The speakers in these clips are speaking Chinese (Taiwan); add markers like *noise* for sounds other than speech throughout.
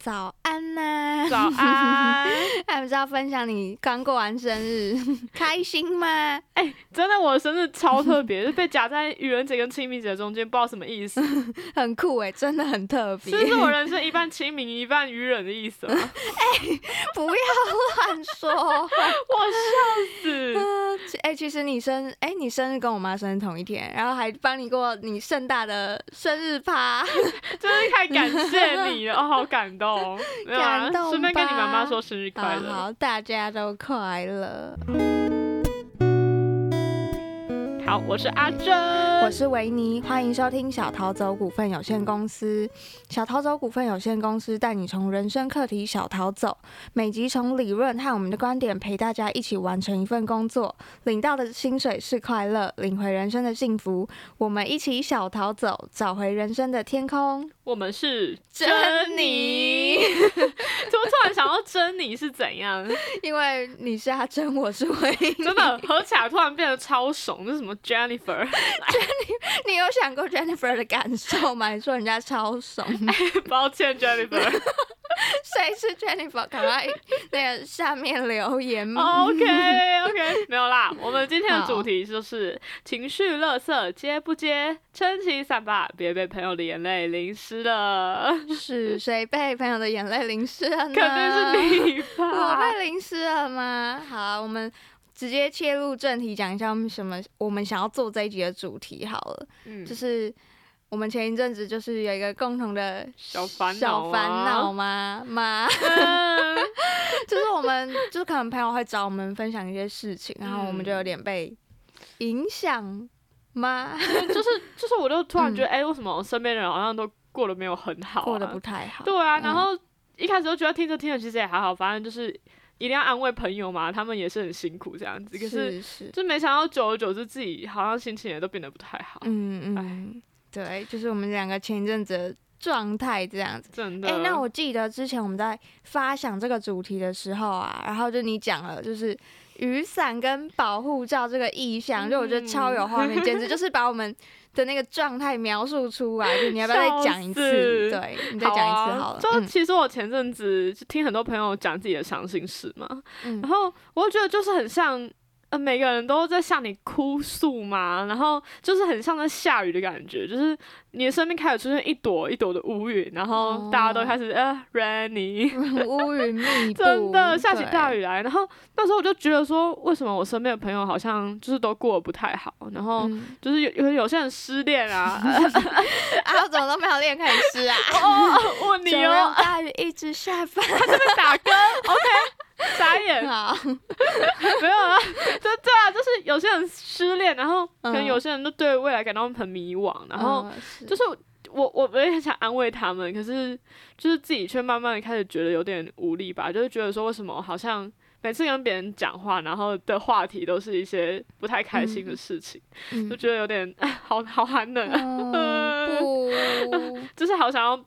早。安吶，早安、啊，還不是要分享你剛過完生日，開心嗎？哎、欸，真的，我的生日超特別， *laughs* 是被夾在愚人節跟清明節中間，不知道什麼意思，很酷哎、欸，真的很特別。就是，是我人生一半清明一半愚人的意思。哎、欸，不要亂說， *laughs* *laughs* 我笑死。哎、欸，其實你生哎、欸，你生日跟我媽生日同一天，然後還幫你過你盛大的生日趴，真、就是太感謝你了， *laughs* 哦，好感動。感動啊，順便跟你媽媽說生日快樂，好，好，大家都快樂。好，我是阿珍， *music* 我是維尼，歡迎收聽小逃走股份有限公司。小逃走股份有限公司帶你從人生課題小逃走，每集從理論和我們的觀點陪大家一起完成一份工作，領到的薪水是快樂，領回人生的幸福。我們一起小逃走，找回人生的天空。我們是珍妮，怎我？ *laughs* 突然想到珍妮是怎樣？ *laughs* 因為你是阿珍，我是我。真的好巧，突然變得超慫，這是什麼 Jennifer？Jennifer， *laughs* *laughs* 你有想過 Jennifer 的感受嗎？你說人家超慫， *laughs* 哎，抱歉 Jennifer，誰 *laughs* *laughs* 是 Jennifer？可以那個下面留言嗎、 *laughs* oh，？OK OK，沒有啦。我們今天的主題就是情緒垃圾，接不接？撐起傘吧，別被朋友的眼淚淋濕。是誰被朋友的眼淚淋濕了呢？肯定是你吧。我被淋濕了嗎？好、啊，我們直接切入正題，講一下我們什麼我們想要做這一集的主題好了。嗯、就是我們前一陣子就是有一個共同的小煩惱嗎？小煩惱嗎？嗯、 *laughs* 就是我們就是可能朋友會找我們分享一些事情，然後我們就有點被影響嗎、嗯 *laughs* 就是？就是就是，我就突然覺得，哎、嗯欸，為什麼我身邊的人好像都。過得沒有很好、啊，過得不太好。對啊，然後一開始都覺得聽着聽着其實也還好、嗯，反正就是一定要安慰朋友嘛，他們也是很辛苦這樣子。是是，可是就沒想到久而久之自己好像心情也都變得不太好。嗯嗯，對，就是我們兩個前一陣子的狀態這樣子。真的。哎、欸，那我記得之前我們在發想這個主題的時候啊，然後就你講了就是雨傘跟保護罩這個意象、嗯，就我覺得超有畫面，簡直就是把我們。的那個狀態描述出來，你要不要再講一次？對，你再講一次好了好、啊。就其實我前陣子就聽很多朋友講自己的傷心事嘛，嗯、然後我覺得就是很像。呃，每個人都在向你哭訴嘛，然後就是很像在下雨的感覺，就是你的身邊開始出現一朵一朵的烏雲，然後大家都開始、哦、呃，rainy，烏雲密佈， *laughs* 真的下起大雨來。然後那時候我就覺得說，為什麼我身邊的朋友好像就是都過得不太好，然後就是有、嗯、有有，有些人失戀啊， *laughs* 啊，我怎麼都沒有戀可以失啊？ *laughs* 哦，哦，問你哦，大雨一直下吧， *laughs* 他在打嗝 *laughs* ，OK，傻眼了。有些人就對未來感到很迷惘，然後就是我，嗯、是我我也很想安慰他們，可是就是自己卻慢慢的開始覺得有點無力吧，就是覺得說為什麼好像每次跟別人講話，然後的話題都是一些不太開心的事情，就、嗯嗯、覺得有點好好寒冷啊，嗯、 *laughs* 就是好想要。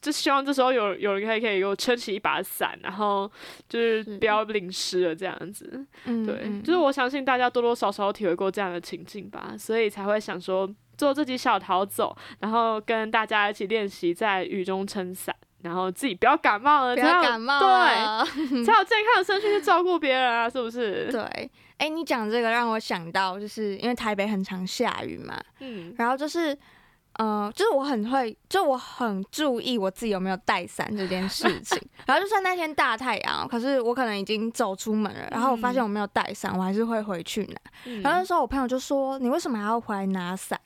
就希望這時候有有人可以可以給我撐起一把傘，然後就是不要淋濕了這樣子，嗯。對，就是我相信大家多多少少體會過這樣的情境吧，所以才會想說做自己小逃走，然後跟大家一起練習在雨中撐傘，然後自己不要感冒了，才有不要感冒了，對 *laughs* 才有健康的身軀去照顧別人啊，是不是？對，哎、欸，你講這個讓我想到，就是因為台北很常下雨嘛，嗯，然後就是。呃，就是我很會，就我很注意我自己有沒有帶傘這件事情。 *laughs* 然後就算那天大太陽，可是我可能已經走出門了，嗯、然後我發現我沒有帶傘，我還是會回去拿、嗯。然後那時候我朋友就說：“你為什麼還要回來拿傘？”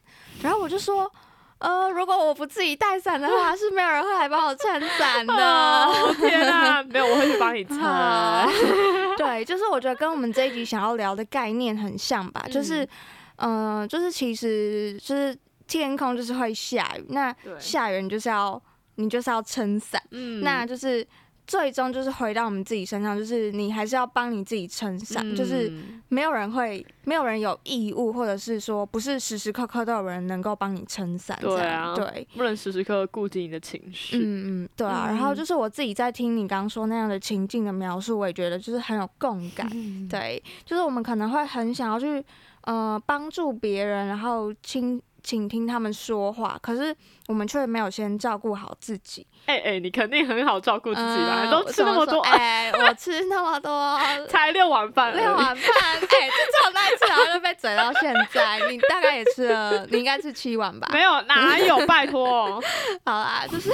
然後我就說：“呃，如果我不自己帶傘的話、嗯，是沒有人會來幫我撐傘的。呃”天哪、啊，沒有，我會去幫你撐、呃。對，就是我覺得跟我們這一集想要聊的概念很像吧，嗯、就是，嗯、呃，就是其實就是。天空就是會下雨，那下雨你就是要你就是要撐傘、嗯，那就是最終就是回到我們自己身上，就是你還是要幫你自己撐傘、嗯，就是沒有人會，沒有人有義務，或者是說不是時時刻刻都有人能夠幫你撐傘，對啊，對，不能時時刻刻顧及你的情緒，嗯嗯，對啊。然後就是我自己在聽你剛剛說那樣的情境的描述，我也覺得就是很有共感，嗯、對，就是我們可能會很想要去呃幫助別人，然後親。請聽他們說話，可是我們卻沒有先照顧好自己。哎、欸、哎、欸，你肯定很好照顧自己啦、呃，都吃那麼多，哎、欸，我吃那麼多， *laughs* 才六碗飯，六碗飯，哎、欸，就從那一次然後就被嘴到現在，你大概也吃了，你應該吃七碗吧？沒有，哪有，拜託。 *laughs* 好啦，就是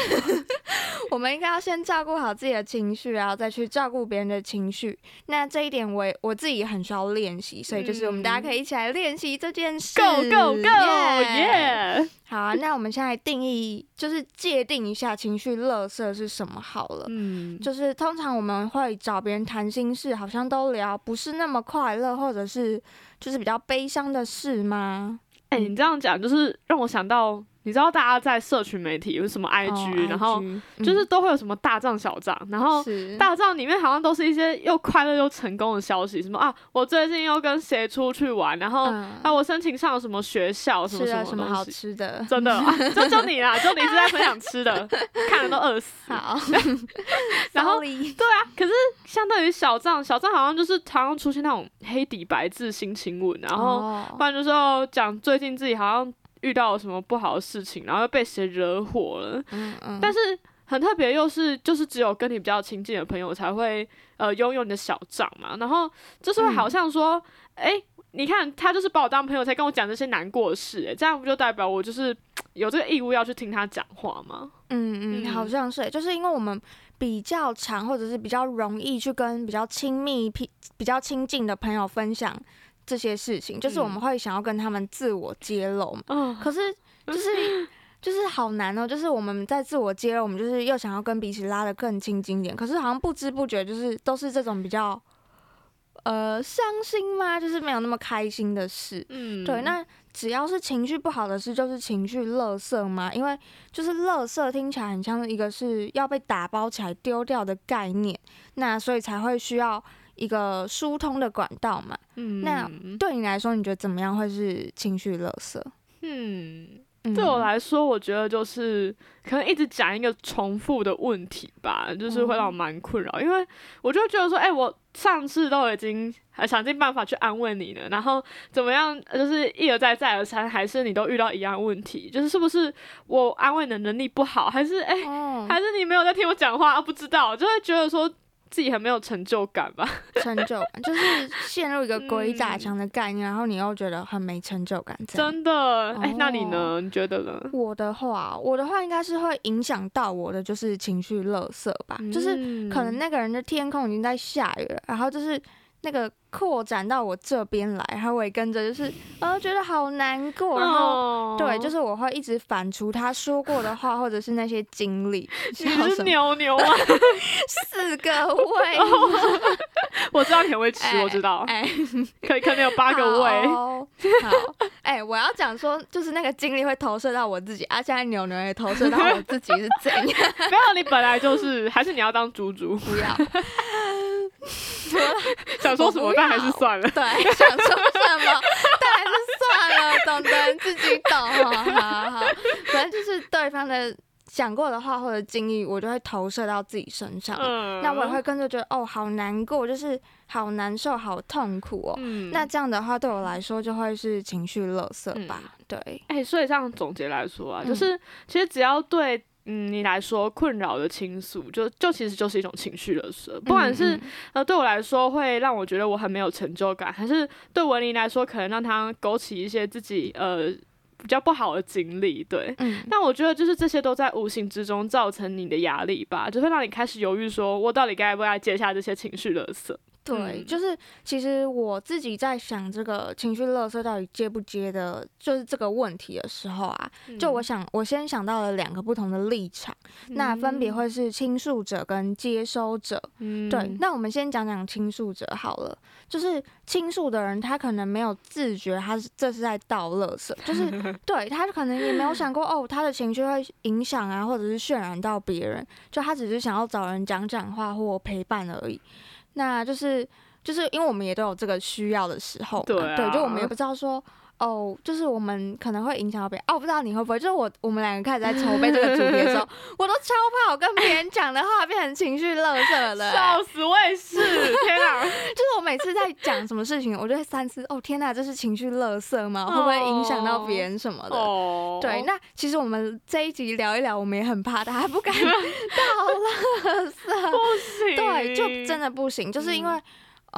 我們應該要先照顧好自己的情緒，然後再去照顧別人的情緒。那這一點我我自己也很需要練習，所以就是我們大家可以一起來練習這件事。嗯、Go go go！、Yeah 耶、yeah. 好啊，那我們現在定義就是界定一下情緒垃圾是什麼好了。嗯，就是通常我們會找別人談心事，好像都聊不是那麼快樂，或者是就是比較悲傷的事嗎？哎、欸嗯，你這樣講就是讓我想到。你知道大家在社群媒體有什麼 IG，、oh, 然後就是都會有什麼大帳小帳、嗯，然後大帳裡面好像都是一些又快樂又成功的消息，什麼啊，我最近又跟誰出去玩，然後啊，我申請上了什麼學校什麼什麼、東西什麼、好吃的，真的啊 *laughs* 就就你啦，就你一直在分享吃的， *laughs* 看人都餓死。好， *laughs* 然後、Sorry、對啊，可是相對於小帳，小帳好像就是常常出現那種黑底白字心情文，然後不然就是講最近自己好像。遇到什麼不好的事情，然後又被誰惹火了。嗯嗯。但是很特別，又是就是只有跟你比較親近的朋友才會呃擁有你的小賬嘛。然後就是會好像說，哎、嗯欸，你看他就是把我當朋友才跟我講這些難過的事、欸，誒，這樣不就代表我就是有這個義務要去聽他講話嗎？嗯嗯，好像是，就是因為我們比較常或者是比較容易去跟比較親密、比較親近的朋友分享。這些事情就是我們會想要跟他們自我揭露嘛、嗯、可是就是就是好難哦。就是我們在自我揭露，我們就是又想要跟彼此拉得更親近一點，可是好像不知不覺就是都是這種比較呃傷心嗎？就是沒有那麼開心的事。嗯，對。那只要是情緒不好的事，就是情緒垃圾嘛。因為就是垃圾聽起來很像一個是要被打包起來丟掉的概念，那所以才會需要。一個疏通的管道嘛、嗯，那對你來說，你覺得怎麼樣會是情緒垃圾？嗯，嗯，對我來說，我覺得就是可能一直講一個重複的問題吧，就是會讓我蠻困擾、嗯，因為我就覺得說，哎、欸，我上次都已經還想盡辦法去安慰你了，然後怎麼樣，就是一而再，再而三，還是你都遇到一樣問題，就是是不是我安慰你的能力不好，還是哎、欸嗯，還是你沒有在聽我講話啊？不知道，就會覺得說。自己很沒有成就感吧？成就感就是陷入一個鬼打牆的概念、嗯，然後你又覺得很沒成就感。真的，哎、欸，oh, 那你呢？你覺得呢？我的話，我的話應該是會影響到我的，就是情緒垃圾吧、嗯。就是可能那個人的天空已經在下雨了，然後就是那個。擴展到我這邊來，然後我也跟着就是、啊，覺得好難過，然後、oh. 對，就是我會一直反芻他說過的話，或者是那些經歷。你是牛牛啊， *laughs* 四個胃。Oh. *laughs* 我知道你很會吃、欸，我知道。哎、欸，可以可能有八個胃。好，哎、欸，我要講說，就是那個經歷會投射到我自己，啊，現在牛牛也投射到我自己是怎樣？不 *laughs* 要，你本來就是，還是你要當豬豬？不要。 *laughs* 想說什麼？那還是算了好。對， *laughs* 想說什算麼？ *laughs* 但還是算了，懂得自己懂。好好好，反正就是對方的講過的話或者經歷，我就會投射到自己身上。呃、那我也會跟着覺得，哦，好難過，就是好難受，好痛苦哦。嗯、那這樣的話對我來說就會是情緒勒色吧、嗯？對。哎、欸，所以這樣總結來說啊，嗯、就是其實只要對。嗯，你來說困擾的傾訴，就就其實就是一種情緒垃圾，不管是嗯嗯呃對我來說會讓我覺得我很沒有成就感，還是對文林來說可能讓他勾起一些自己呃比較不好的經歷，對、嗯。但我覺得就是這些都在無形之中造成你的壓力吧，就會讓你開始猶豫，說我到底該不該接下這些情緒垃圾。對，就是其實我自己在想這個情緒垃圾到底接不接的，就是這個問題的時候啊，就我想我先想到了兩個不同的立場，嗯、那分別會是傾訴者跟接收者、嗯。對，那我們先講講傾訴者好了，就是傾訴的人，他可能沒有自覺，他是這是在倒垃圾，就是對他可能也沒有想過哦，他的情緒會影響啊，或者是渲染到別人，就他只是想要找人講講話或陪伴而已。那就是，就是因為我們也都有這個需要的時候，對啊，嗯，對，就我們也不知道說。哦、oh,，就是我們可能會影響到別人。哦、oh,，不知道你會不會？就是我，我們兩個開始在籌備這個主題的時候， *laughs* 我都超怕，我跟別人講的話變成情緒垃圾的，欸，笑死，死，我也是。天哪兒！ *laughs* 就是我每次在講什麼事情，我就會三思哦，oh, 天哪，這是情緒垃圾嗎？Oh, 會不會影響到別人什麼的？哦、oh.。對，那其實我們這一集聊一聊，我們也很怕大家，還不敢倒垃圾， *laughs* 不行。對，就真的不行，就是因為。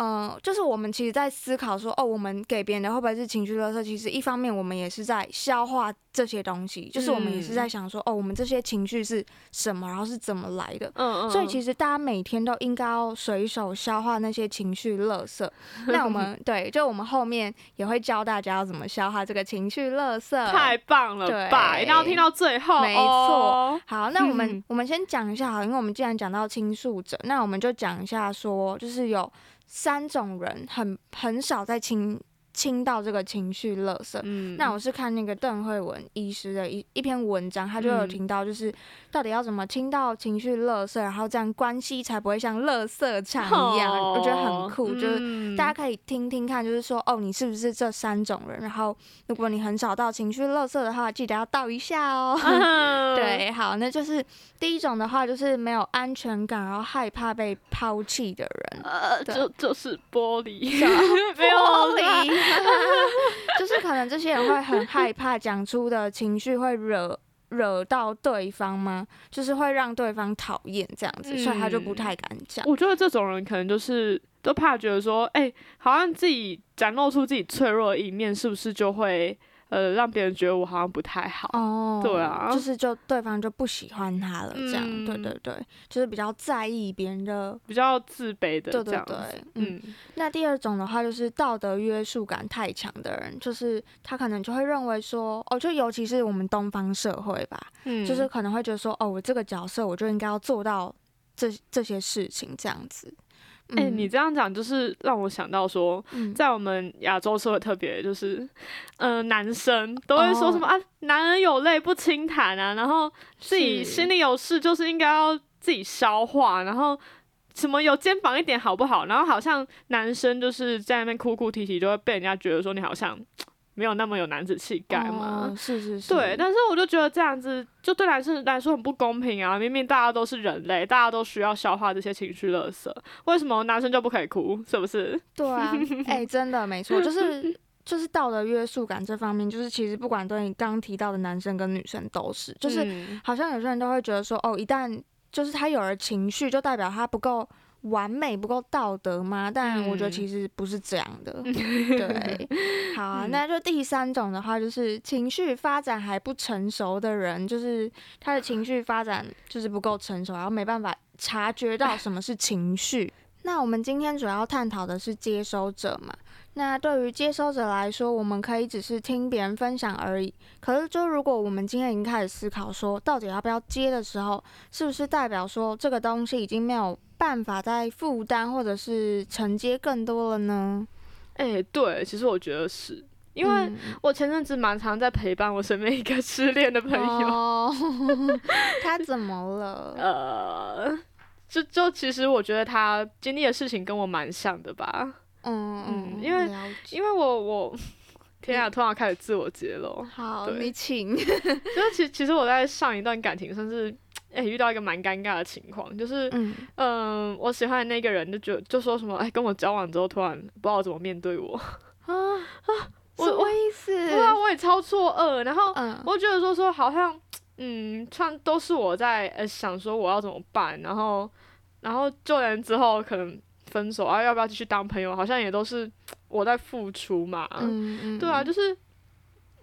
嗯、呃，就是我們其實，在思考說，哦，我們給別人的會不會是情緒垃圾，其實一方面我們也是在消化這些東西，嗯、就是我們也是在想說，哦，我們這些情緒是什麼，然後是怎麼來的。嗯，嗯，所以其實大家每天都應該要隨手消化那些情緒垃圾，嗯。那我們對，就我們後面也會教大家要怎麼消化這個情緒垃圾。太棒了！對，一定要聽到最後。沒錯、哦。好，那我們、嗯、我們先講一下，哈，因為我們既然講到傾訴者，那我們就講一下說，就是有。三種人很很少在聽。聽到這個情緒垃圾，那我是看那個鄧慧文醫師的一一篇文章，他就有聽到，就是到底要怎麼聽到情緒垃圾，然後這樣關係才不會像垃圾場一樣。哦，我覺得很酷。嗯，就是大家可以聽聽看，就是說哦，你是不是這三種人？然後如果你很少到情緒垃圾的話，記得要倒一下哦。嗯、 *laughs* 對，好，那就是第一種的話，就是沒有安全感，然後害怕被拋棄的人，啊、就就是玻璃，沒 *laughs* 有 *laughs* 玻璃。 *laughs* *laughs* 就是可能這些人會很害怕講出的情緒會惹 *laughs* 惹到對方嗎？就是會讓對方討厭這樣子，嗯，所以他就不太敢講。我覺得這種人可能就是都怕，覺得說，哎，欸，好像自己展露出自己脆弱的一面，是不是就會？呃，讓別人覺得我好像不太好，哦，oh，對啊，就是就對方就不喜歡他了，這樣，嗯，對對對，就是比較在意別人的，比較自卑的這樣子，對對對，嗯，嗯。那第二種的話，就是道德約束感太強的人，就是他可能就會認為說，哦，就尤其是我們東方社會吧，嗯，就是可能會覺得說，哦，我這個角色，我就應該要做到這這些事情，這樣子。哎、欸，你這樣講就是讓我想到說，嗯、在我們亞洲社會特別就是，嗯、呃、男生都會說什麼、哦、啊，男人有淚不輕彈啊，然後自己心裡有事就是應該要自己消化，然後什麼有肩膀一點好不好？然後好像男生就是在那邊哭哭啼啼啼，就會被人家覺得說你好像沒有那麼有男子氣概嘛、哦？是是是，對。但是我就覺得這樣子就對男生來說很不公平啊！明明大家都是人類，大家都需要消化這些情緒垃圾，為什麼男生就不可以哭？是不是？對啊，哎、 *laughs* 欸，真的沒錯，就是就是道德約束感這方面，就是其實不管對你剛提到的男生跟女生都是，就是、嗯、好像有些人都會覺得說，哦，一旦就是他有了情緒，就代表他不夠。完美不夠道德嗎？但我覺得其實不是這樣的。嗯、對， *laughs* 好啊，那就第三種的話，就是情緒發展還不成熟的人，就是他的情緒發展就是不夠成熟，然後沒辦法察覺到什麼是情緒。 *laughs* 那我們今天主要探討的是接收者嘛？那對於接收者來說，我們可以只是聽別人分享而已。可是，就如果我們今天已經開始思考說，到底要不要接的時候，是不是代表說這個東西已經沒有？辦法再負擔或者是承接更多了呢？哎、欸，對，其實我覺得是因為我前陣子蠻常在陪伴我身邊一個失戀的朋友。哦、他怎麼了？ *laughs* 呃，就就其實我覺得他經歷的事情跟我蠻像的吧。嗯嗯，因為因為我我天啊，突然開始自我揭露、嗯。好，你請。就 *laughs* 其實其實我在上一段感情甚至。哎、欸，遇到一個蠻尷尬的情況，就是，嗯、呃，我喜歡的那個人，就就說什麼，哎、欸，跟我交往之後，突然不知道怎麼面對我。啊啊！我我也是。對啊，我也超錯愕。然後，嗯，我覺得說說好像，嗯，全都是我在、欸、想說我要怎麼辦。然後，然後就連之後可能分手啊，要不要繼續當朋友，好像也都是我在付出嘛。嗯嗯。對啊，就是。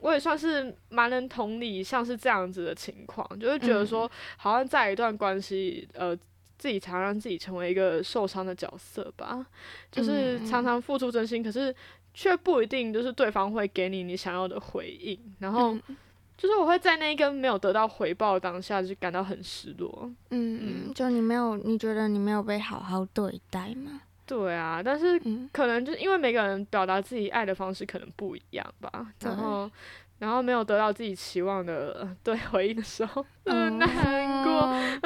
我也算是蠻能同理，像是這樣子的情況，就會、是、覺得說，好像在一段關係、嗯，呃，自己常讓自己成為一個受傷的角色吧，就是常常付出真心，嗯、可是卻不一定就是對方會給你你想要的回應，然後就是我會在那一個沒有得到回報當下，就感到很失落嗯。嗯，就你沒有，你覺得你沒有被好好對待嗎？對啊，但是可能就是因為每個人表達自己愛的方式可能不一樣吧、嗯，然後，然後沒有得到自己期望的對回應的時候，很、嗯、難過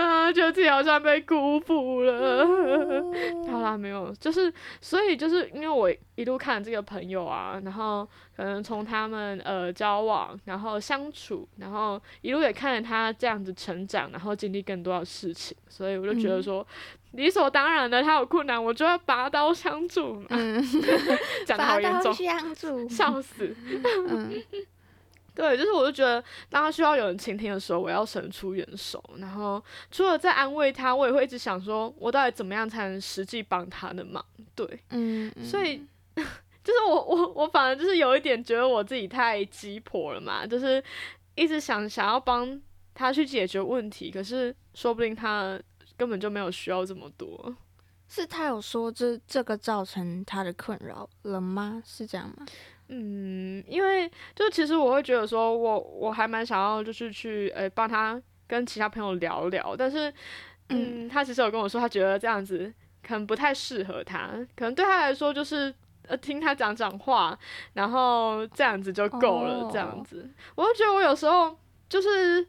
啊，覺得自己好像被辜負了、嗯。好啦，沒有，就是，所以就是因為我一路看這個朋友啊，然後可能從他們呃交往，然後相處，然後一路也看着他這樣子成長，然後經歷更多的事情，所以我就覺得說。嗯理所當然的，他有困難，我就要拔刀相助嘛。嗯，講 *laughs* 的好嚴重。拔刀相助。笑死。嗯。 *laughs* 對，就是我就覺得，當他需要有人傾聽的時候，我要伸出援手。然後除了在安慰他，我也會一直想說，我到底怎麼樣才能實際幫他的忙？對。嗯。嗯。所以，就是我我我，我反而就是有一點覺得我自己太雞婆了嘛，就是一直想想要幫他去解決問題，可是說不定他。根本就沒有需要這麼多，是他有說這這個造成他的困擾了嗎？是這樣嗎？嗯，因為就其實我會覺得說我，我我還蠻想要就是去誒幫、欸、他跟其他朋友聊聊，但是嗯，嗯，他其實有跟我說，他覺得這樣子可能不太適合他，可能對他來說就是呃聽他講講話，然後這樣子就夠了。哦。這樣子，我就覺得我有時候就是。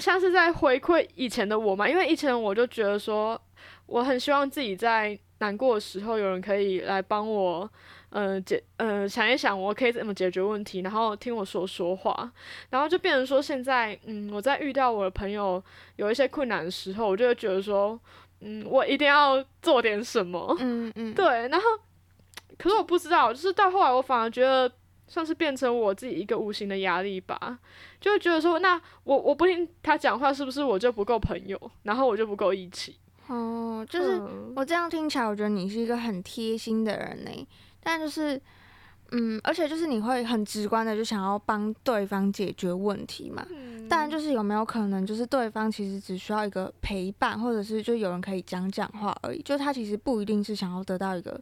像是在回饋以前的我嘛，因為以前我就覺得說，我很希望自己在難過的時候有人可以來幫我，嗯、呃，解，嗯、呃，想一想我可以怎麼解決問題，然後聽我說說話，然後就變成說現在，嗯，我在遇到我的朋友有一些困難的時候，我就會覺得說，嗯，我一定要做點什麼，嗯嗯，對，然後，可是我不知道，就是到後來我反而覺得。算是變成我自己一個無形的壓力吧，就覺得說，那我我不聽他講話，是不是我就不夠朋友？然後我就不夠義氣。哦，就是我這樣聽起來，我覺得你是一個很貼心的人呢、欸。但就是，嗯，而且就是你會很直觀的就想要幫對方解決問題嘛、嗯。但就是有沒有可能，就是對方其實只需要一個陪伴，或者是就有人可以講講話而已，就他其實不一定是想要得到一個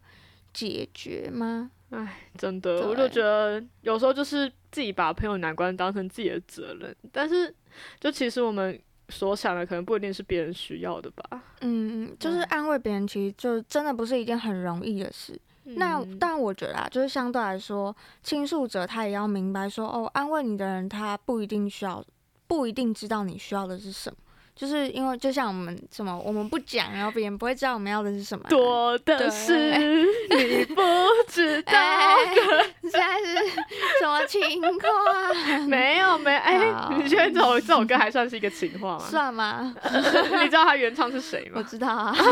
解決嗎？唉，真的，我就覺得有時候就是自己把朋友難關當成自己的責任，但是就其實我們所想的可能不一定是別人需要的吧。嗯嗯，就是安慰別人，其實就真的不是一件很容易的事。那、嗯、但我覺得啊，就是相對來說，傾訴者他也要明白說，哦，安慰你的人他不一定需要，不一定知道你需要的是什麼。就是因為就像我們什麼，我們不講，然後別人不會知道我們要的是什麼、啊。多的是你、欸、不知道、欸，現在是什麼情況、啊？沒有沒有，哎、欸，你覺得這首、嗯、這首歌還算是一個情話嗎？算嗎？ *laughs* 你知道他原唱是誰嗎？我知道啊 *laughs* *laughs* *laughs*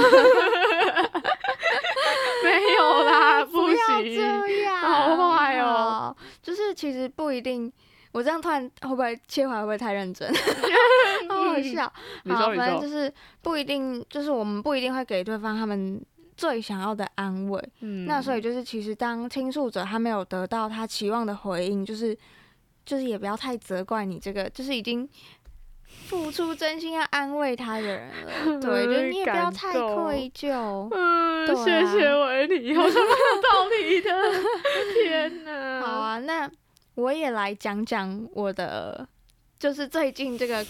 沒有啦，不行，不要這樣，好壞哦，就是其實不一定。我這樣突然會不會切回來會不會太認真？ *laughs* 嗯、 *laughs* 好好笑。好，反正就是不一定，就是我們不一定會給對方他們最想要的安慰。嗯，那所以就是，其實當傾訴者他沒有得到他期望的回應，就是就是也不要太責怪你這個，就是已經付出真心要安慰他的人了。嗯、對，就是你也不要太愧疚。嗯、啊，謝謝維尼，我是沒有道理的。 *laughs* 天哪！好啊，那。我也來講講我的，就是最近這個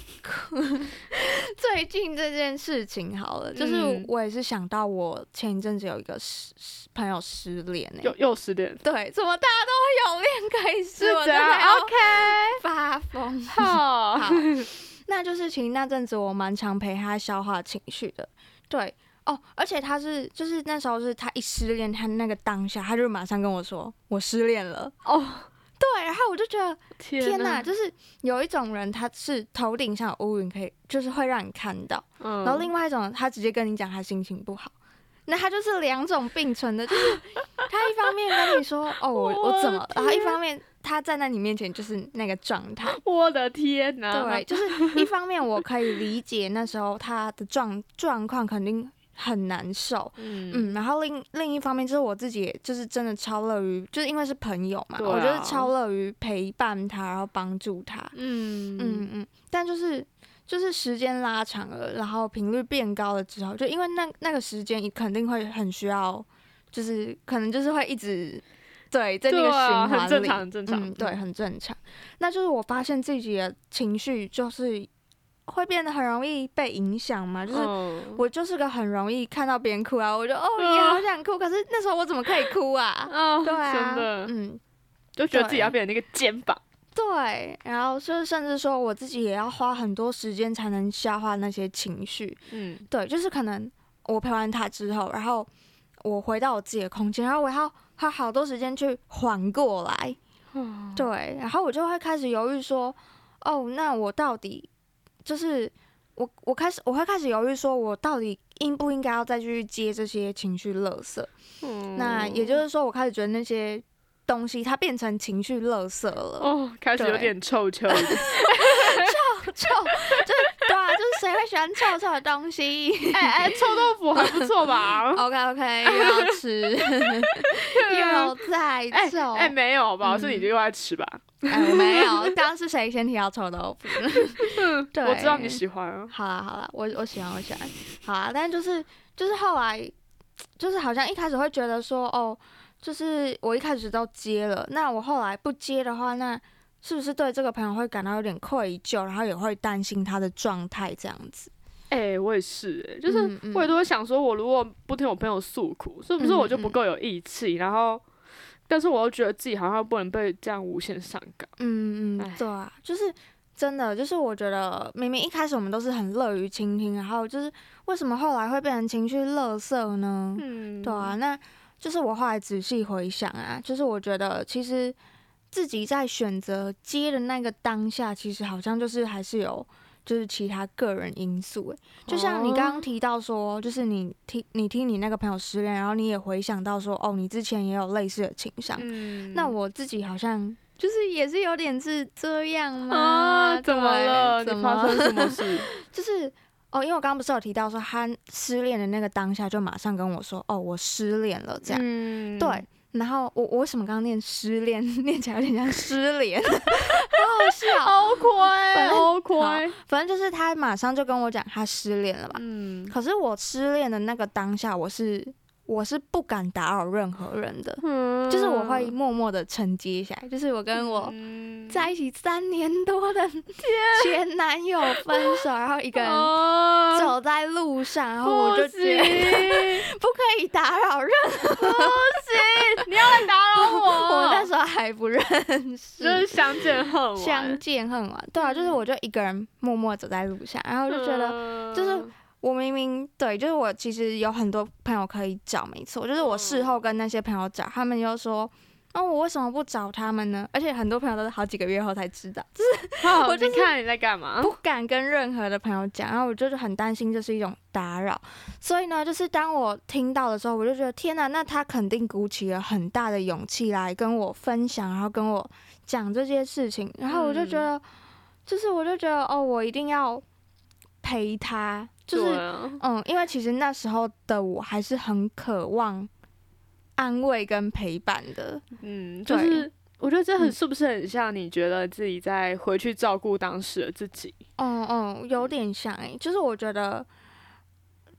*laughs* *laughs* 最近這件事情好了，嗯，就是我也是想到我前一陣子有一個失朋友失戀呢、欸，又又失戀，對，怎麼大家都有戀可以失，是我真的發瘋 OK 發瘋、oh. *laughs* 好， *laughs* 那就是其實那陣子我蠻常陪他消化情緒的，對哦，oh, 而且他是就是那時候是他一失戀，他那個當下他就馬上跟我說我失戀了哦。Oh. 對，然後我就覺得天哪，天哪，就是有一種人，他是頭頂上有烏雲，可以就是會讓你看到；嗯、然後另外一種，他直接跟你講他心情不好，那他就是兩種並存的，就 *laughs* 是他一方面跟你說“ *laughs* 哦我，我怎麼了我、啊”，然後一方面他站在你面前就是那個狀態。我的天哪！對，就是一方面我可以理解那時候他的狀狀況肯定。很難受，嗯，嗯，然後另另一方面就是我自己，就是真的超樂於，就是因為是朋友嘛，啊、我覺得超樂於陪伴他，然後幫助他，嗯嗯嗯，但就是就是時間拉長了，然後頻率變高了之後，就因為那那個時間你肯定會很需要，就是可能就是會一直對在那個循環裡、啊，很正常，很正常，嗯、對，很正常。那就是我發現自己的情緒就是。會變得很容易被影響嘛？就是我就是個很容易看到別人哭啊，oh. 我就哦也好想哭，oh. 可是那時候我怎麼可以哭啊？嗯，oh，對啊，真的，嗯，就覺得自己要變成那個肩膀。對，對，然後就是甚至說我自己也要花很多時間才能消化那些情緒。嗯，對，就是可能我陪完他之後，然後我回到我自己的空間，然後我要花好多時間去緩過來。Oh. 對，然後我就會開始猶豫說，哦，那我到底？就是我，我開始我會開始猶豫，說我到底應不應該要再去接這些情緒垃圾。嗯，那也就是說，我開始覺得那些東西它變成情緒垃圾了，哦，開始有點臭臭 *laughs* 臭。臭誰會喜歡臭臭的東西？哎、欸、哎、欸，臭豆腐還不錯吧 *laughs* ？OK OK，又要吃， *laughs* 又在臭。哎、 *laughs* 欸欸沒，嗯 *laughs* 欸、沒有，好不好，是你又在吃吧？哎，我沒有。剛剛是誰先提到臭豆腐？ *laughs* 對我知道你喜歡、啊。好啦好啦，我我喜歡，我喜歡。好啊，但是就是就是後來就是好像一開始會覺得說哦，就是我一開始都接了，那我後來不接的話，那。是不是對這個朋友會感到有點愧疚，然後也會擔心他的狀態這樣子？誒、欸，我也是、欸，誒，就是我也都會想說，我如果不聽我朋友訴苦嗯嗯，是不是我就不夠有義氣、嗯嗯？然後，但是我又覺得自己好像不能被這樣無限上綱。嗯嗯，對啊，就是真的，就是我覺得明明一開始我們都是很樂於傾聽，然後就是為什麼後來會變成情緒垃圾呢、嗯？對啊，那就是我後來仔細回想啊，就是我覺得其實。自己在選擇接的那個當下，其實好像就是還是有就是其他個人因素哎，就像你剛剛提到說，哦，就是你，你聽你聽你那個朋友失戀，然後你也回想到說，哦，你之前也有類似的傾向，嗯，那我自己好像就是也是有點是這樣嗎？啊，怎麼了？怎麼你發生什麼事？ *laughs* 就是哦，因為我剛剛不是有提到說他失戀的那個當下，就馬上跟我說，哦，我失戀了這樣，嗯，對。然後我我為什麼剛剛念失戀，念起來有點像失聯？ *laughs* *laughs* 哦、是好笑，好乖，好乖，反正就是他馬上就跟我講他失戀了吧。嗯，可是我失戀的那個當下，我是。我是不敢打擾任何人的，嗯，就是我會默默的承接一下，就是我跟我，嗯、在一起三年多的前男友分手，啊，然後一個人走在路上，哦，然後我就覺得不， *laughs* 不可以打擾任何東西。 *laughs* 你要來打擾我。我那時候還不認識，就是相見恨晚，相見恨晚。對啊，就是我就一個人默默走在路上，然後就覺得、嗯、就是。我明明對，就是我其實有很多朋友可以找，沒錯，就是我事後跟那些朋友找，嗯、他們又說，那、哦、我為什麼不找他們呢？而且很多朋友都是好幾個月後才知道，就是我就看你在幹嘛，不敢跟任何的朋友講，然後我就是很擔心，這是一種打擾，所以呢，就是當我聽到的時候，我就覺得天哪，那他肯定鼓起了很大的勇氣來跟我分享，然後跟我講這些事情，然後我就覺得，嗯、就是我就覺得哦，我一定要陪他。就是、啊，嗯，因為其實那時候的我還是很渴望安慰跟陪伴的，嗯，就是對，我覺得這很是不是很像你覺得自己在回去照顧當時的自己？嗯嗯，有點像、欸，哎，就是我覺得。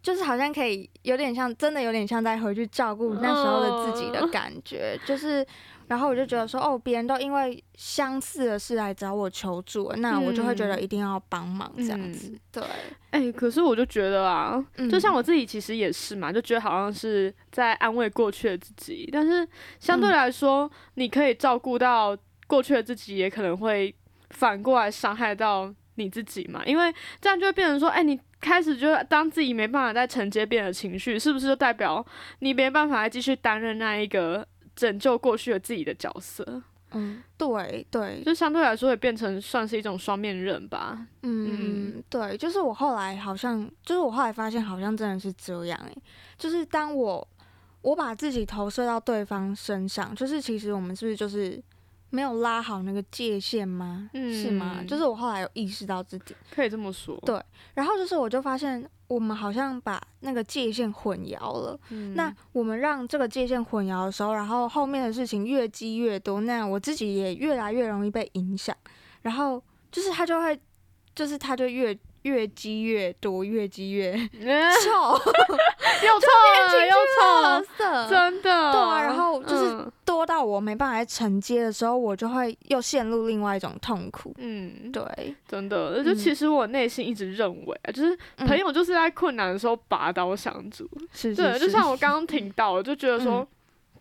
就是好像可以有點像，真的有點像在回去照顧那時候的自己的感覺。Oh. 就是，然後我就覺得說，哦，別人都因為相似的事來找我求助、嗯，那我就會覺得一定要幫忙這樣子。嗯、對，哎、欸，可是我就覺得啊，就像我自己其實也是嘛、嗯，就覺得好像是在安慰過去的自己。但是相對來說，嗯、你可以照顧到過去的自己，也可能會反過來傷害到你自己嘛，因為這樣就會變成說，哎、欸，你。開始就當自己沒辦法再承接別人的情緒，是不是就代表你沒辦法再繼續擔任那一個拯救過去的自己的角色？嗯，對對，就相對來說也變成算是一種雙面刃吧，嗯。嗯，對，就是我後來好像，就是我後來發現好像真的是這樣哎、欸，就是當我我把自己投射到對方身上，就是其實我們是不是就是。沒有拉好那個界限嗎？嗯，是嗎？就是我後來有意識到自己可以這麼說。對，然後就是我就發現我們好像把那個界限混淆了，嗯。那我們讓這個界限混淆的時候，然後後面的事情越積越多，那我自己也越來越容易被影響。然後就是他就會，就是他就越。越積越多，越積越、嗯、臭， *laughs* 又臭了了，又臭又臭了真的。對啊，然後就是多到我沒辦法來承接的時候、嗯，我就會又陷入另外一種痛苦。嗯，對，真的。就其實我內心一直認為啊、嗯，就是朋友就是在困難的時候拔刀相助。是、嗯，對，就像我剛剛聽到，就覺得說。嗯嗯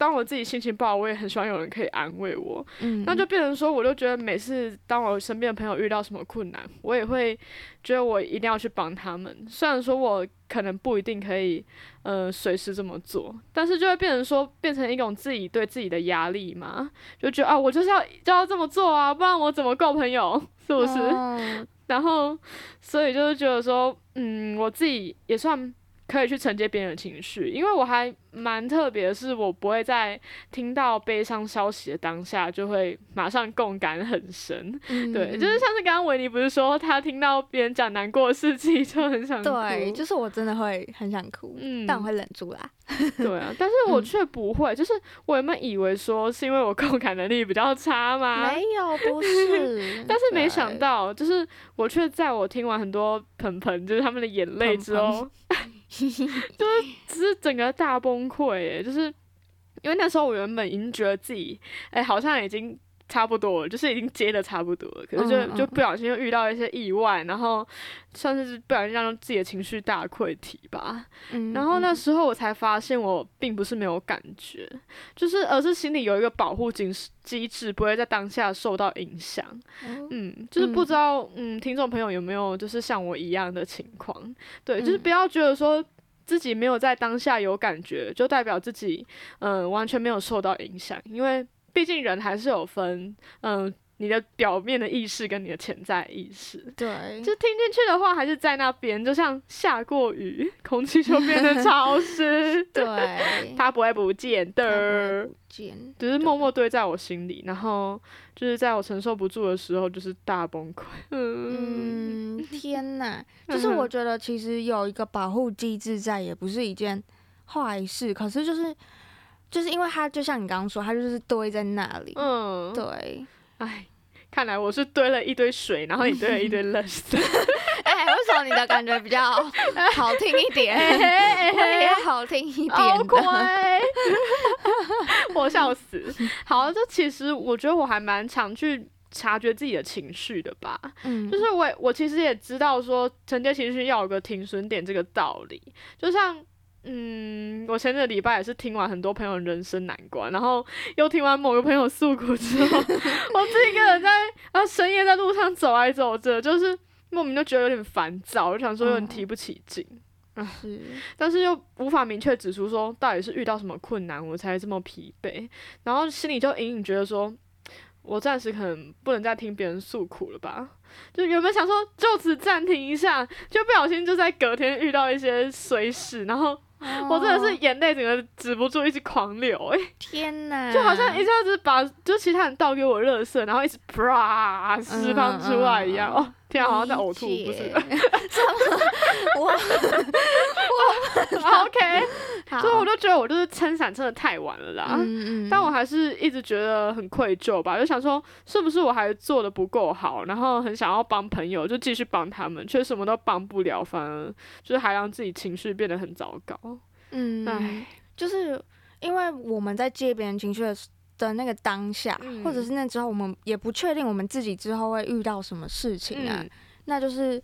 當我自己心情不好，我也很喜歡有人可以安慰我。嗯、那就變成說，我就覺得每次當我身邊的朋友遇到什麼困難，我也會覺得我一定要去幫他們。雖然說我可能不一定可以，呃，隨時這麼做，但是就會變成說，變成一種自己對自己的壓力嘛，就覺得啊，我就是要就要這麼做啊，不然我怎麼夠朋友？是不是？啊、 *laughs* 然後，所以就是覺得說，嗯，我自己也算。可以去承接別人的情緒，因為我還蠻特別的，是，我不會在聽到悲傷消息的當下，就會馬上共感很深。嗯、對，就是像是剛剛維尼不是說，他聽到別人講難過的事情就很想哭，對，就是我真的會很想哭，嗯，但我會忍住啦。對啊，但是我卻不會、嗯，就是我有沒有以為說我原本以為說是因為我共感能力比較差嗎？沒有，不是， *laughs* 但是沒想到，就是我卻在我聽完很多盆盆，就是他們的眼淚之後。捧捧 *laughs* *laughs* 就是，就是整個大崩潰，就是因為那時候我原本已經覺得自己，哎，好像已經。差不多，就是已經接的差不多了，可是就就不小心又遇到一些意外，嗯，然後算是不小心讓自己的情緒大潰堤吧，嗯。然後那時候我才發現，我並不是沒有感覺，就是而是心裡有一個保護機制，機制不會在當下受到影響，嗯。嗯，就是不知道，嗯，嗯聽眾朋友有沒有就是像我一樣的情況？對，就是不要覺得說自己沒有在當下有感覺，就代表自己嗯、呃、完全沒有受到影響，因為。畢竟人還是有分，嗯、呃，你的表面的意識跟你的潛在意識，對，就聽進去的話還是在那邊，就像下過雨，空氣就變得潮濕 *laughs* 對不不，對，它不會不見的，不見、就是默默堆在我心裡，然後就是在我承受不住的時候，就是大崩潰，嗯。嗯，天哪，就是我覺得其實有一個保護機制在，也不是一件壞事，可是就是。就是因為他就像你剛剛說，他就是堆在那裡。嗯，對。哎，看來我是堆了一堆水，然後你堆了一堆垃圾。哎、 *laughs* *laughs* 欸，為什麼你的感覺比較好聽一點？嘿嘿嘿好聽一點的。好乖 *laughs* 我笑死。好，這其實我覺得我還蠻常去察覺自己的情緒的吧、嗯。就是我我其實也知道說承接情緒要有個停損點這個道理，就像。嗯，我前這個禮拜也是聽完很多朋友人生難關，然後又聽完某個朋友訴苦之後， *laughs* 我自己一個人在啊深夜在路上走來走着，就是莫名的覺得有點煩躁，我就想說有點提不起勁、哦啊，但是又無法明確指出說到底是遇到什麼困難我才這麼疲憊，然後心裡就隱隱覺得說，我暫時可能不能再聽別人訴苦了吧，就原本想說就此暫停一下，就不小心就在隔天遇到一些衰事，然後。Oh. 我真的是眼淚整個止不住，一直狂流、欸。哎，天哪！就好像一下子把就其他人倒給我垃圾，然後一直啪釋放出來一樣。嗯嗯嗯嗯嗯天、啊，好像在嘔吐，不是？我 *laughs* 我, *laughs* *laughs* 我 *laughs* o、okay, k 所以我就覺得我就是撐傘撐的太晚了啦，嗯嗯。但我還是一直覺得很愧疚吧，就想說是不是我還做的不夠好，然後很想要幫朋友，就繼續幫他們，卻什麼都幫不了，了，反而就是還讓自己情緒變得很糟糕。嗯，唉，就是因為我們在接別人情緒的時的那個當下、嗯，或者是那之後，我們也不確定我們自己之後會遇到什麼事情啊。嗯、那就是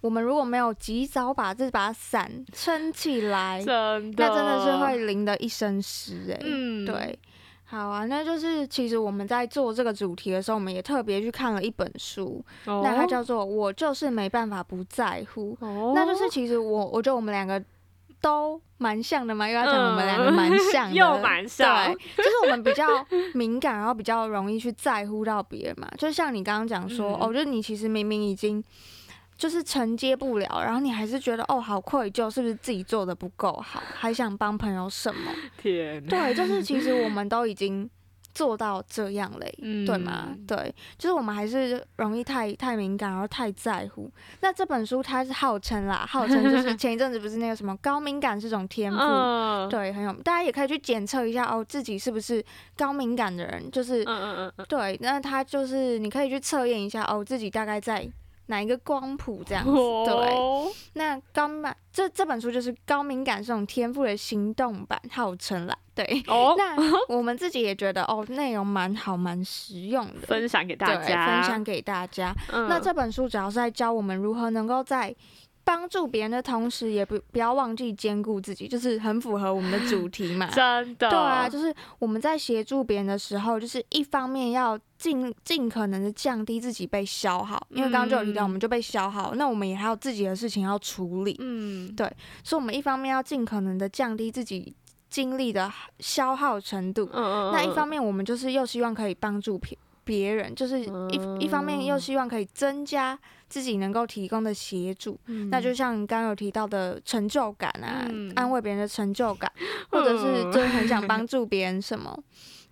我們如果沒有及早把這把傘撐起來，那真的是會淋得一身濕哎。嗯，對，好啊。那就是其實我們在做這個主題的時候，我們也特別去看了一本書，哦、那它叫做《我就是沒辦法不在乎》哦。那就是其實我，我覺得我們兩個。都蠻像的嘛，又要講我們兩個蠻像的，嗯、對又蠻像，就是我們比較敏感，然後比較容易去在乎到別人嘛。就像你剛剛講說、嗯，哦，就是你其實明明已經就是承接不了，然後你還是覺得哦好愧疚，是不是自己做的不夠好，還想幫朋友什麼？天哪，對，就是其實我們都已經。做到這樣嘞，對嗎？嗯，對，就是我們還是容易太太敏感，然後太在乎。那這本書它是號稱啦，號稱就是前一陣子不是那個什麼高敏感是種天賦， *laughs* 對，很有，大家也可以去檢測一下哦，自己是不是高敏感的人，就是， *laughs* 對，那它就是你可以去測驗一下哦，自己大概在。哪一個光譜這樣子？對，oh. 那剛買這這本書就是高敏感這種天賦的行動版號稱啦，還有陳對。Oh. 那我們自己也覺得 *laughs* 哦，內容蠻好、蠻實用的，分享給大家， *laughs* 分享給大家。 *laughs* 那這本書主要是在教我們如何能夠在。幫助別人的同時，也不不要忘記兼顧自己，就是很符合我們的主題嘛。真的，對啊，就是我們在協助別人的時候，就是一方面要盡盡可能的降低自己被消耗，因為剛剛就有提到我們就被消耗、嗯，那我們也還有自己的事情要處理。嗯，對，所以我們一方面要盡可能的降低自己精力的消耗程度，嗯、那一方面我們就是又希望可以幫助別。別人就是一一方面，又希望可以增加自己能夠提供的協助、嗯。那就像剛剛有提到的成就感啊，嗯、安慰別人的成就感，或者是就很想幫助別人什麼、嗯。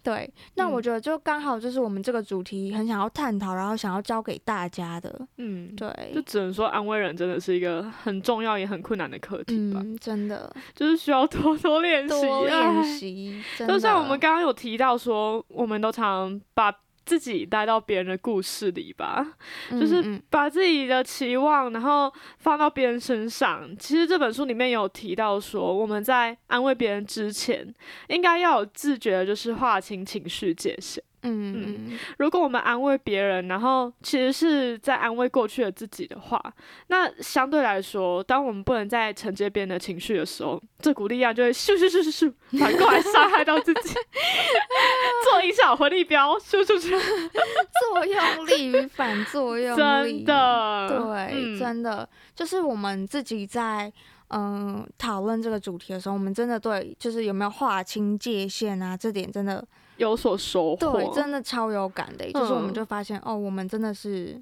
對，那我覺得就剛好就是我們這個主題很想要探討，然後想要教給大家的。嗯，對，就只能說安慰人真的是一個很重要也很困難的課題吧、嗯。真的，就是需要多多練習，多練習。就像我們剛剛有提到說，我們都常把。自己待到別人的故事裡吧，就是把自己的期望，然後放到別人身上。其實這本書裡面有提到說，我們在安慰別人之前，應該要有自覺的，就是劃清情緒界限。嗯，嗯，如果我們安慰別人，然後其實是在安慰過去的自己的話，那相對來說，當我們不能再承接別人的情緒的時候，這股力量就會咻咻咻咻咻反過來傷害到自己， *laughs* 做一下回力鏢，咻咻咻，咻， *laughs* 作用力與反作用力，真的，對、嗯，真的，就是我們自己在嗯討論這個主題的時候，我們真的對，就是有沒有劃清界限啊？這點真的。有所收穫，對，真的超有感的，嗯，就是我們就發現哦，我們真的是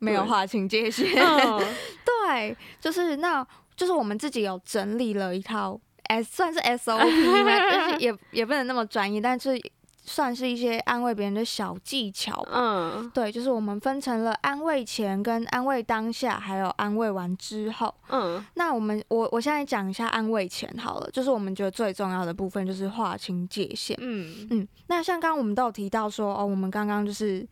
沒有劃清界限，對， *laughs* 嗯、對，就是那就是我們自己有整理了一套，哎，算是 SOP *laughs* 也也不能那麼專業，但是。算是一些安慰別人的小技巧，嗯、uh.，對，就是我們分成了安慰前、跟安慰當下，還有安慰完之後，嗯、uh.，那我們我我現在講一下安慰前好了，就是我們覺得最重要的部分就是劃清界限，嗯、uh. 嗯，那像剛剛我們都有提到說哦，我們剛剛就是。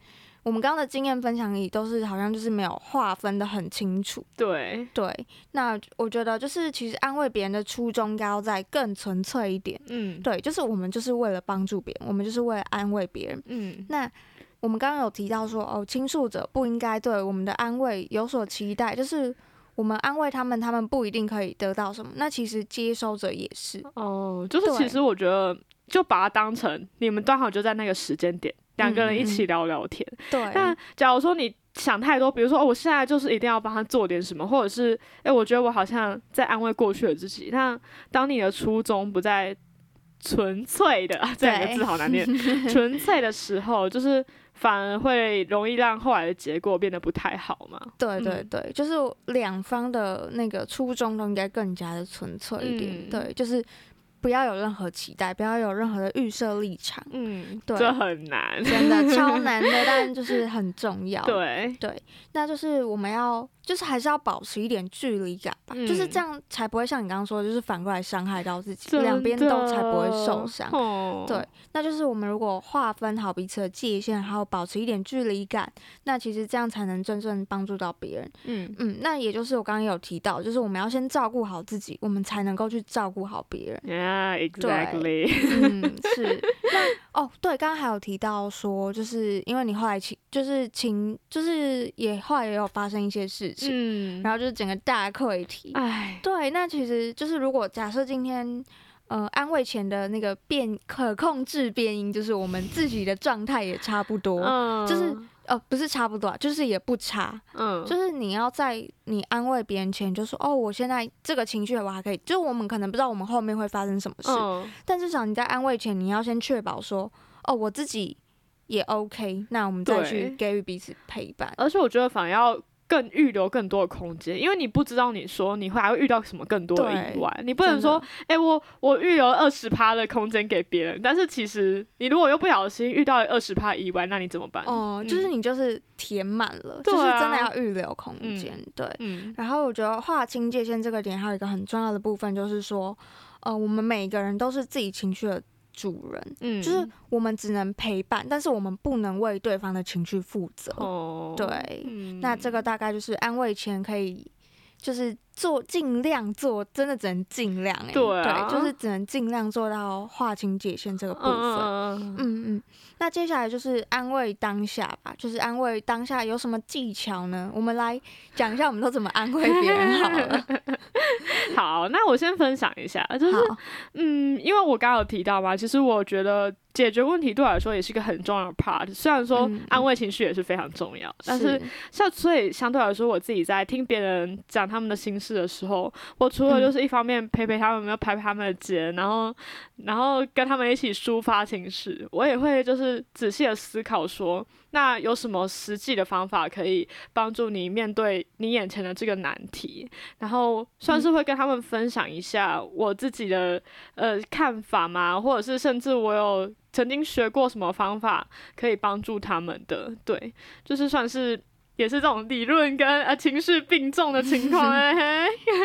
我們剛剛的經驗分享也都是好像就是沒有劃分得很清楚。對對，那我覺得就是其實安慰別人的初衷該要再更純粹一點。嗯，對，就是我們就是為了幫助別人，我們就是為了安慰別人。嗯，那我們剛剛有提到說哦，傾訴者不應該對我們的安慰有所期待，就是我們安慰他們，他們不一定可以得到什麼。那其實接收者也是。哦，就是其實我覺得就把它當成你們剛好就在那個時間點。兩個人一起聊聊天、嗯對，但假如說你想太多，比如說、哦、我現在就是一定要幫他做點什麼，或者是哎，我覺得我好像在安慰過去的自己。那當你的初衷不再純粹的，這兩個字好難念， *laughs* 純粹的時候，就是反而會容易讓後來的結果變得不太好嘛。對對對，嗯、就是兩方的那個初衷都應該更加的純粹一點。嗯、對，就是。不要有任何期待，不要有任何的預設立場。嗯，對，這很難，真的超難的， *laughs* 但就是很重要。對對，那就是我們要。就是還是要保持一點距離感吧，嗯，就是這樣才不會像你剛剛說，就是反過來傷害到自己，兩邊都才不會受傷。Oh. 對，那就是我們如果劃分好彼此的界限，然後保持一點距離感，那其實這樣才能真正幫助到別人。嗯嗯，那也就是我剛剛有提到，就是我們要先照顧好自己，我們才能夠去照顧好別人。Yeah, exactly. 對嗯，是。 *laughs* 那哦，對，剛剛還有提到說，就是因為你後來情，就是情，就是也後來也有發生一些事。嗯，然後就是整個大課題。哎，對，那其實就是如果假設今天，呃，安慰前的那個變可控制變因，就是我們自己的狀態也差不多，嗯、就是哦、呃，不是差不多啊，就是也不差，嗯，就是你要在你安慰別人前就，就說哦，我現在這個情緒我還可以，就我們可能不知道我們後面會發生什麼事，嗯、但至少你在安慰前，你要先確保說哦，我自己也 OK，那我們再去給予彼此陪伴。而且我覺得反而要。更預留更多的空間，因為你不知道你說你會還會遇到什麼更多的意外。你不能說，哎、欸，我我預留二十趴的空間給別人，但是其實你如果又不小心遇到了二十趴意外，那你怎麼辦？哦、呃，就是你就是填滿了、嗯，就是真的要預留空間。對、啊對嗯，然後我覺得劃清界線這個點還有一個很重要的部分，就是說，呃，我們每一個人都是自己情緒的。主人，嗯，就是我們只能陪伴，但是我們不能為對方的情緒負責。哦，對，嗯，那這個大概就是安慰前可以，就是。做儘量做，真的只能儘量哎、欸啊，對，就是只能儘量做到劃清界限這個部分。Uh, 嗯嗯嗯。那接下來就是安慰當下吧，就是安慰當下有什麼技巧呢？我們來講一下，我們都怎麼安慰別人好了。 *laughs* *laughs* 好，那我先分享一下，就是好嗯，因為我剛剛有提到嘛，其實我覺得解決問題對我來說也是一個很重要的 part。雖然說安慰情緒也是非常重要，嗯嗯但是像所以相對來說，我自己在聽別人講他們的心思。是的時候，我除了就是一方面陪陪他們，要拍拍他們的肩，然後然後跟他們一起抒發情緒，我也會就是仔細的思考說，那有什麼實際的方法可以幫助你面對你眼前的這個難題？然後算是會跟他們分享一下我自己的、嗯、呃看法，嘛或者是甚至我有曾經學過什麼方法可以幫助他們的，對，就是算是。也是這種理論跟、呃、情緒並重的情況、欸，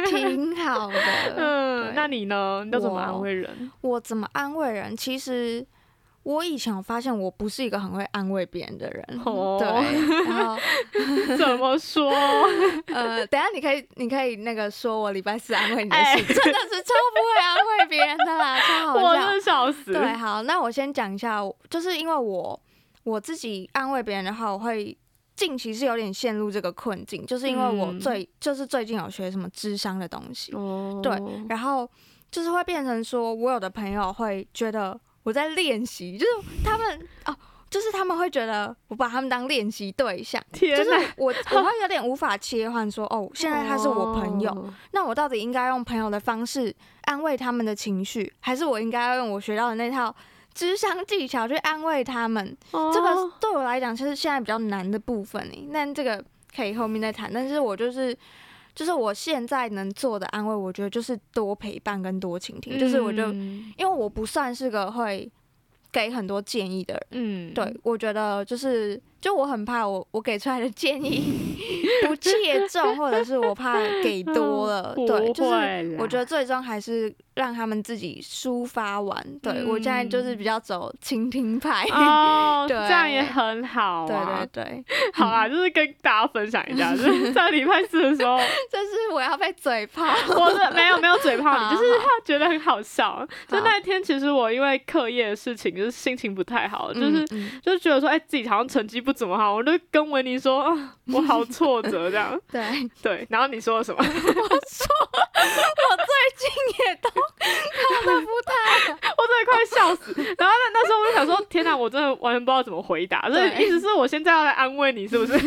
挺好的。 *laughs* 嗯，那你呢？你都怎麼安慰人？我，我怎麼安慰人？其實我以前我發現我不是一個很會安慰別人的人。哦、oh.，對、然後 *laughs* 怎麼說？ *laughs* 呃，等一下你可以，你可以那個說我禮拜四安慰你的事情、欸，真的是超不會安慰別人的啦， *laughs* 超好笑，我笑死。對，好，那我先講一下，就是因為我我自己安慰別人的話，然後我會。近期是有點陷入這個困境，就是因為我最、嗯、就是最近有學什麼諮商的東西、嗯，對，然後就是會變成說我有的朋友會覺得我在練習，就是他們 *laughs* 哦，就是他們會覺得我把他們當練習對象，天啊，就是我我會有點無法切換，說 *laughs* 哦，現在他是我朋友，那我到底應該用朋友的方式安慰他們的情緒，還是我應該要用我學到的那套？諮商技巧去安慰他們，oh. 這個對我來講其實現在比較難的部分、欸。那這個可以後面再談。但是我就是，就是我現在能做的安慰，我覺得就是多陪伴跟多傾聽。Mm. 就是我就因為我不算是個會給很多建議的人，嗯、mm.，對我覺得就是。就我很怕我我給出來的建議不切中， *laughs* 或者是我怕給多了， *laughs* 嗯、對，就是我覺得最終還是讓他們自己抒發完。嗯、對我現在就是比較走傾聽派、哦，對，這樣也很好、啊。對對對，好啊、嗯，就是跟大家分享一下， *laughs* 就是在禮拜四的時候，就 *laughs* 是我要被嘴炮，我是沒有沒有嘴炮你， *laughs* 就是覺得很好笑。在那一天，其實我因為課業的事情就是心情不太好，好，就是就是覺得說，哎、欸，自己好像成績不。怎麼好，我就跟文尼說，我好挫折這樣。對對，然後你說了什麼？ *laughs* 我說我最近也都得，考的不太，我真的快笑死。然後那那時候我就想說，天哪、啊，我真的完全不知道怎麼回答。所以意思是我現在要來安慰你，是不是？ *laughs*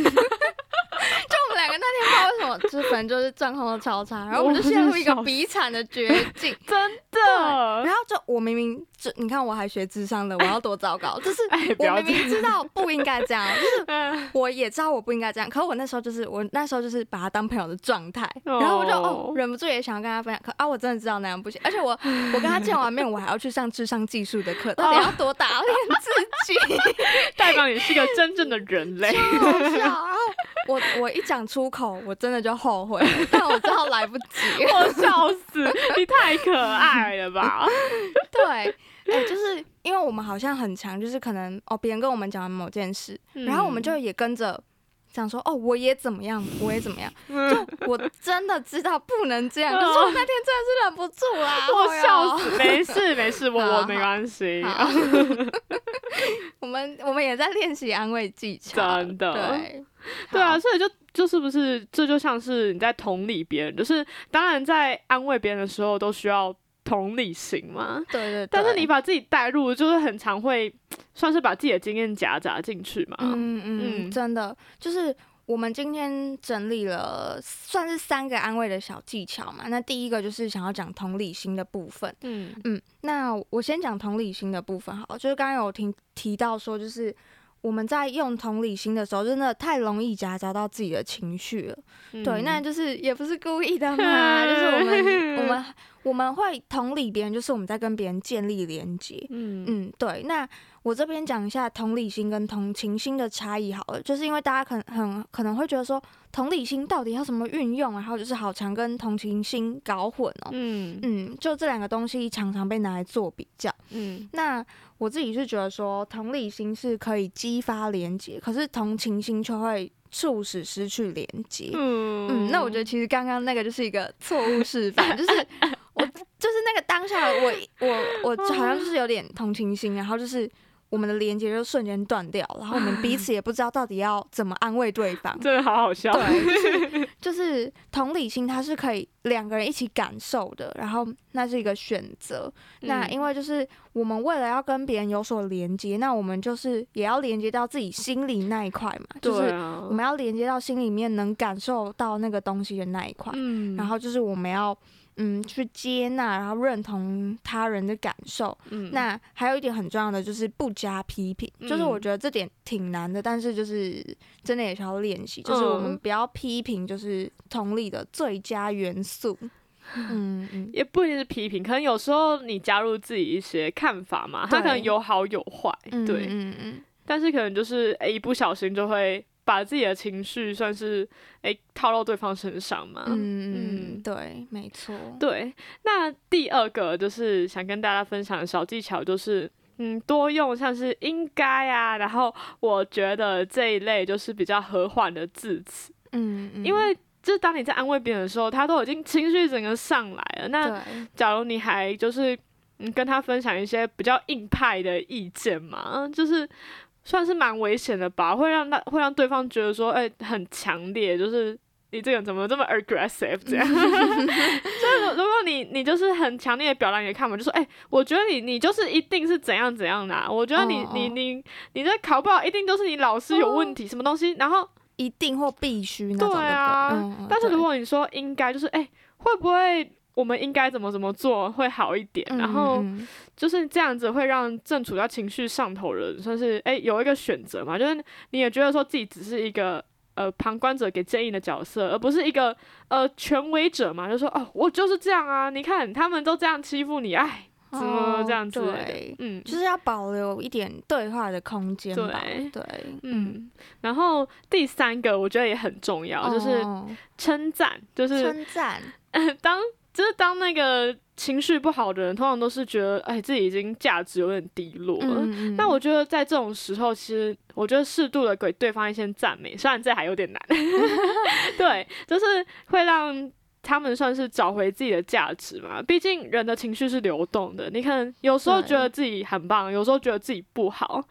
兩 *laughs* 個那天不知道為什麼，是反正就是狀況超差，然後我就陷入一個比慘的絕境，的真的。然後就我明明，這你看我還學諮商的，我要多糟糕？就是我明明知道不應該這樣，就是我也知道我不應該這樣。可我那時候就是我那時候就是把他當朋友的狀態，oh. 然後我就、哦、忍不住也想要跟他分享。可啊，我真的知道那樣不行，而且我我跟他見完面， *laughs* 我還要去上諮商技術的課，oh. 到底要多打臉自己。 *laughs* 代表你是一個真正的人類。 *laughs* 我我一講出口，我真的就後悔，但我知道來不及。 *laughs* 我笑死，你太可愛了吧！ *laughs* 對、欸，就是因為我們好像很強，就是可能哦，別人跟我們講了某件事，嗯，然後我們就也跟着講說哦，我也怎麼樣，我也怎麼樣。就我真的知道不能這樣， *laughs* 可是我那天真的是忍不住啦，啊。我笑死， *laughs* 沒事沒事，我我沒關係。 *laughs* 啊，好 *laughs* 好 *laughs* 我們我們也在練習安慰技巧，真的對。對啊，所以就就是不是這就像是你在同理別人，就是當然在安慰別人的時候都需要同理心嘛。對，對對。但是你把自己帶入，就是很常會算是把自己的經驗夾雜進去嘛。嗯嗯。嗯，真的，就是我們今天整理了算是三個安慰的小技巧嘛。那第一個就是想要講同理心的部分。嗯嗯。那我先講同理心的部分好，就是剛剛有提提到說就是。我們在用同理心的時候，真的太容易夾雜到自己的情緒了。嗯。對，那就是也不是故意的嘛，呵呵，就是我們我們我們會同理別人，就是我們在跟別人建立連接。嗯嗯，對，那。我這邊講一下同理心跟同情心的差異好了，就是因為大家可能很，很可能會覺得說同理心到底要怎麼運用，然後就是好常跟同情心搞混哦，喔。嗯嗯，就這兩個東西常常被拿來做比較。嗯，那我自己是覺得說同理心是可以激發連接，可是同情心卻會促使失去連接。嗯嗯，那我覺得其實剛剛那個就是一個錯誤示範， *laughs* 就是我就是那個當下我我我好像就是有點同情心，然後就是。我們的連接就瞬間斷掉，然後我們彼此也不知道到底要怎麼安慰對方，真的好好笑，對。對，就是，就是同理心，它是可以兩個人一起感受的，然後那是一個選擇，嗯。那因為就是我們為了要跟別人有所連接，那我們就是也要連接到自己心裡那一塊嘛，對啊，就是我們要連接到心裡面能感受到那個東西的那一塊。嗯，然後就是我們要。嗯，去接納，然後認同他人的感受。嗯，那還有一點很重要的就是不加批評。嗯，就是我覺得這點挺難的，但是就是真的也需要練習。就是我們不要批評，就是同理的最佳元素。嗯。嗯，也不一定是批評，可能有時候你加入自己一些看法嘛，他可能有好有壞。對，嗯嗯。但是可能就是，欸，一不小心就會。把自己的情緒算是誒、欸，套到對方身上嘛，嗯，嗯對，沒錯。對，那第二個就是想跟大家分享的小技巧，就是嗯多用像是應該呀、啊，然後我覺得這一類就是比較和緩的字詞，嗯嗯，因為就是當你在安慰別人的時候，他都已經情緒整個上來了，那假如你還就是嗯跟他分享一些比較硬派的意見嘛，嗯就是。算是蠻危險的吧，會讓他會讓對方覺得說，哎、欸，很強烈，就是你這個人怎麼這麼 aggressive 這樣？就 *laughs* 是 *laughs* 如果你你就是很強烈的表達你的看法，就說，哎、欸，我覺得你你就是一定是怎樣怎樣的、啊，我覺得你哦哦你你你這考不好一定都是你老師有問題，哦、什麼東西？然後一定或必須那種的。對啊、哦對，但是如果你說應該就是，哎、欸，會不會我們應該怎麼怎麼做會好一點？嗯、然後。就是這樣子會讓正處在情緒上頭的人算是哎、欸、有一個選擇嘛，就是你也覺得說自己只是一個呃旁觀者給建議的角色，而不是一個呃權威者嘛，就說哦我就是這樣啊，你看他們都這樣欺負你，哎怎麼這樣子，哦對？嗯，就是要保留一點對話的空間。對對嗯，嗯。然後第三個我覺得也很重要，就是稱讚、哦，就是稱讚、嗯，當。就是當那個情緒不好的人，通常都是覺得，哎，自己已經價值有點低落了。了、嗯。那我覺得在這種時候，其實我覺得適度的給對方一些讚美，雖然這還有點難， *laughs* *laughs* 對，就是會讓。他們算是找回自己的價值嘛？畢竟人的情緒是流動的。你看，有時候覺得自己很棒，有時候覺得自己不好。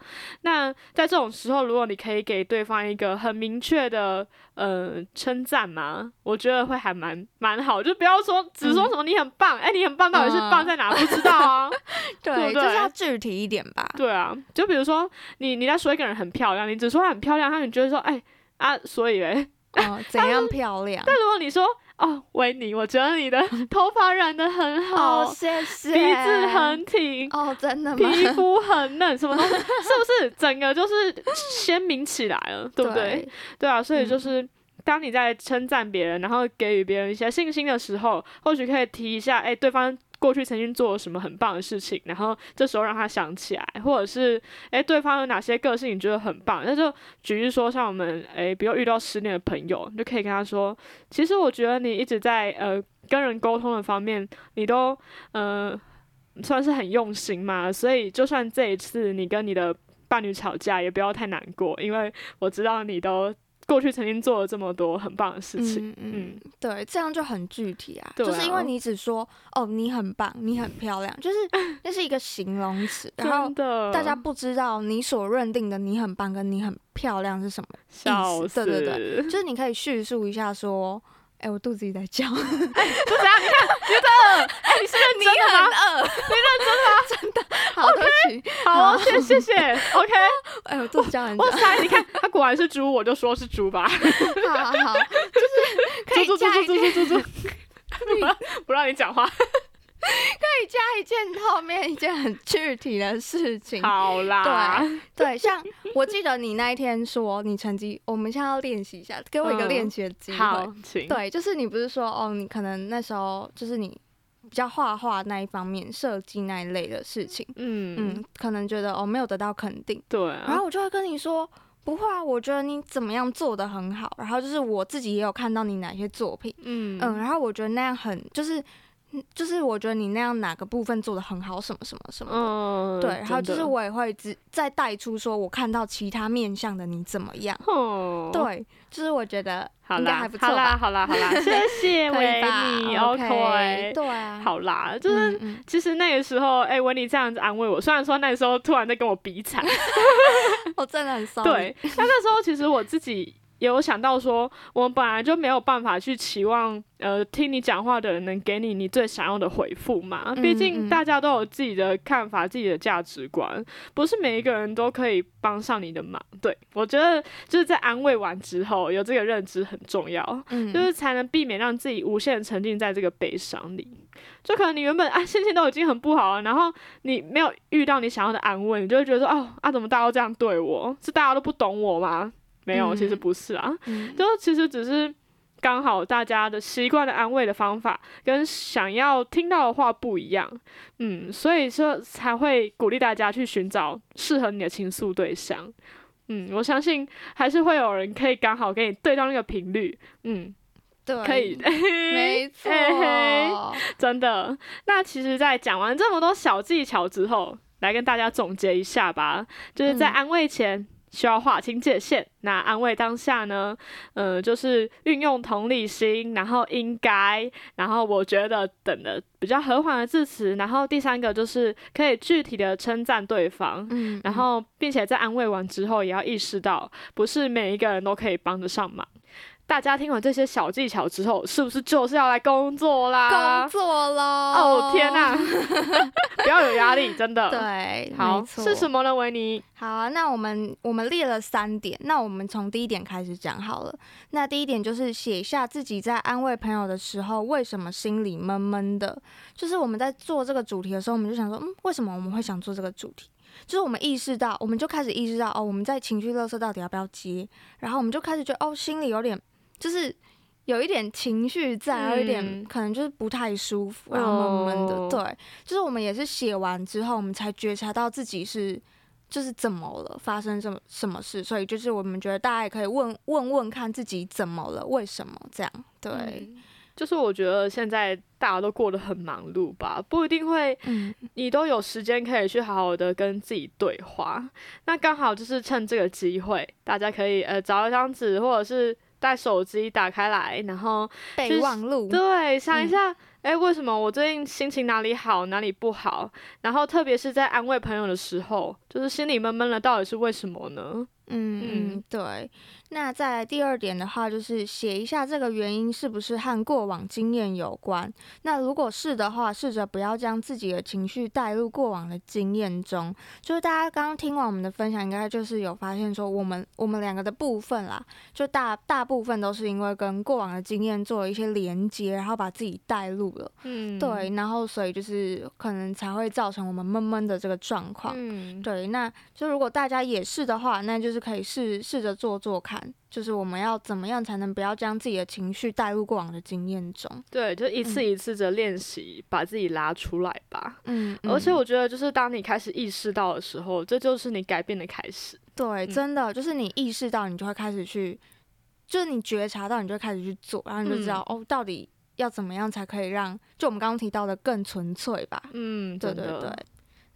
那在這種時候，如果你可以給對方一個很明確的呃稱讚嘛，我覺得會還蠻蠻好。就不要說只說什麼你很棒，哎、嗯欸，你很棒，到底是棒在哪？嗯、不知道啊。 *laughs* 對，對，就是要具體一點吧。對啊，就比如說你你在說一個人很漂亮，你只說她很漂亮，他們覺得說哎、欸、啊，所以哎，哦，怎樣漂亮？啊、但，但如果你說。哦，維尼，我覺得你的頭髮染得很好。哦，謝謝，鼻子很挺，哦，真的嗎？皮膚很嫩，什麼東西？ *laughs* 是不是整個就是鮮明起來了？ *laughs* 對不對？對，對啊，所以就是當你在稱讚別人，然後給予別人一些信心的時候，或許可以提一下，哎、欸，對方。過去曾經做了什麼很棒的事情，然後這時候讓他想起來，或者是哎、欸，對方有哪些個性你覺得很棒，那就舉例說，像我們哎、欸，比如遇到失戀的朋友，你就可以跟他說，其實我覺得你一直在呃跟人溝通的方面，你都嗯、呃、算是很用心嘛，所以就算這一次你跟你的伴侶吵架，也不要太難過，因為我知道你都。過去曾經做了這麼多很棒的事情，嗯，嗯對，這樣就很具體啊。啊就是因為你只說哦，你很棒，你很漂亮，就是那 *laughs* 是一個形容詞，然後大家不知道你所認定的你很棒跟你很漂亮是什麼意思。笑死對對對，就是你可以敘述一下說。哎、欸，我肚子裡在叫，不是啊？你看，真的、欸，你認是你很噁？你真的，真的嗎？ *laughs* 真的。好 o、okay, 好，好，謝謝 *laughs* ，OK。哎、欸，我肚子叫很。哇塞，你看，他果然是豬， *laughs* 我就說是豬吧。 *laughs* 好，好，好，就是可以豬豬豬豬豬豬。不讓你講話。 *laughs* 可以加一件，後面一件很具體的事情。好啦，對對，像我記得你那一天說你成績，我們現在要練習一下，給我一個練習的機會。嗯、好、請，對，就是你不是說哦，你可能那時候就是你比較畫畫那一方面，設計那一類的事情，嗯嗯，可能覺得哦沒有得到肯定，對、啊。然後我就會跟你說，不會啊，我覺得你怎麼樣做得很好，然後就是我自己也有看到你哪些作品，嗯嗯，然後我覺得那樣很就是。就是我覺得你那樣哪個部分做的很好，什麼什麼什麼、嗯，對，然後就是我也會再帶出說，我看到其他面向的你怎麼樣，嗯、對，就是我覺得，應該還不錯吧好啦，好啦，好啦，謝謝 Wendy，OK，對啊，好啦，就是嗯嗯其實那個時候，哎、欸，Wendy 這樣子安慰我，雖然說那時候突然在跟我比慘， *laughs* *laughs* 我真的很騷，對，那 *laughs* 那時候其實我自己。也有想到說，我們本來就沒有辦法去期望，呃，聽你講話的人能給你你最想要的回復嘛？畢竟大家都有自己的看法、嗯嗯自己的價值觀，不是每一個人都可以幫上你的忙。對，我覺得就是在安慰完之後，有這個認知很重要，嗯、就是才能避免讓自己無限沉浸在這個悲傷裡。就可能你原本啊心情都已經很不好了、啊，然後你沒有遇到你想要的安慰，你就會覺得說，哦啊，怎麼大家都這樣對我？是大家都不懂我嗎？沒有、嗯，其實不是啊、嗯，就其實只是剛好大家的習慣的安慰的方法跟想要聽到的話不一樣，嗯，所以說才會鼓勵大家去尋找適合你的傾訴對象，嗯，我相信還是會有人可以剛好跟你對到那個頻率，嗯，對，可以，嘿嘿，沒錯，真的。那其實，在講完這麼多小技巧之後，來跟大家總結一下吧，就是在安慰前。嗯需要劃清界限。那安慰當下呢？嗯、呃，就是運用同理心，然後應該，然後我覺得等的比較和緩的字詞。然後第三個就是可以具體的稱讚對方，然後並且在安慰完之後，也要意識到不是每一個人都可以幫得上忙。大家聽完這些小技巧之後，是不是就是要來工作啦？工作咯！哦天哪、啊！ *laughs* *laughs* 不要有壓力，真的。對，好，沒錯。是什麼呢，維尼？好啊，那我們我們列了三點，那我們從第一點開始講好了。那第一點就是寫下自己在安慰朋友的時候，為什麼心裡悶悶的？就是我們在做這個主題的時候，我們就想說，嗯，為什麼我們會想做這個主題？就是我們意識到，我們就開始意識到哦，我們在情緒垃圾到底要不要接？然後我們就開始覺得哦，心裡有點。就是有一點情緒在，有一點可能就是不太舒服，啊、嗯，然後悶悶的、哦，對，就是我們也是寫完之後，我們才覺察到自己是，就是怎麼了，發生什麼什麼事，所以就是我們覺得大家也可以問問問看自己怎麼了，為什麼這樣，對，就是我覺得現在大家都過得很忙碌吧，不一定會，你都有時間可以去好好的跟自己對話，那剛好就是趁這個機會，大家可以呃找一張紙或者是。帶手機打開來，然後備忘錄對，想一下，哎、嗯、欸，為什麼我最近心情哪裡好哪裡不好？然後特別是在安慰朋友的時候，就是心裡悶悶的，到底是為什麼呢？嗯，嗯對。那在第二點的話，就是寫一下這個原因是不是和過往經驗有關？那如果是的話，試着不要將自己的情緒帶入過往的經驗中。就是大家剛剛聽完我們的分享，應該就是有發現說，我們我們兩個的部分啦，就大大部分都是因為跟過往的經驗做了一些連接，然後把自己帶入了。嗯，對。然後所以就是可能才會造成我們悶悶的這個狀況。嗯，對。那就如果大家也是的話，那就是可以試試着做做看。就是我們要怎麼樣才能不要將自己的情緒帶入過往的經驗中？對，就一次一次的練習，把自己拉出來吧。嗯，而且我覺得，就是當你開始意識到的時候，這就是你改變的開始。對，真的就是你意識到，你就會開始去，嗯、就是你覺察到，你就會開始去做，然後你就知道、嗯、哦，到底要怎麼樣才可以讓，就我們剛剛提到的更純粹吧。嗯，對對對。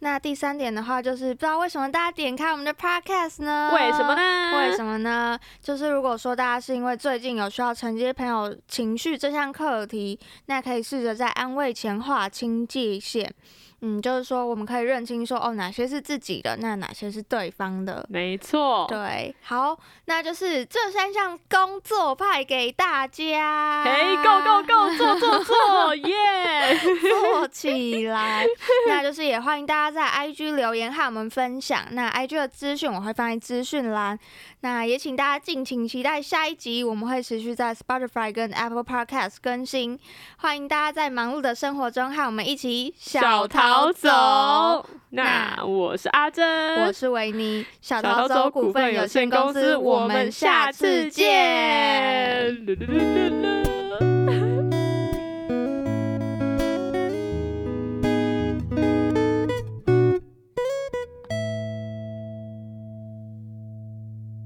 那第三點的話，就是不知道為什麼大家點開我們的 podcast 呢？為什麼呢？為什麼呢？就是如果說大家是因為最近有需要承接朋友情緒這項課題，那可以試着在安慰前劃清界線。嗯，就是說我們可以認清說哦，哪些是自己的，那哪些是對方的？沒錯，對，好，那就是這三項工作派給大家，哎，go go go，做做做、 *laughs* yeah，做起來。 *laughs* 那就是也歡迎大家在 IG 留言和我們分享。那 IG 的資訊我會放在資訊欄。那也請大家敬請期待下一集，我們會持續在 Spotify 跟 Apple Podcast 更新。歡迎大家在忙碌的生活中和我們一起小逃。小逃走，那我是阿珍，嗯、我是維尼，小逃走股份有限公司，走走公司，走走，我們下次見。咯咯咯咯咯咯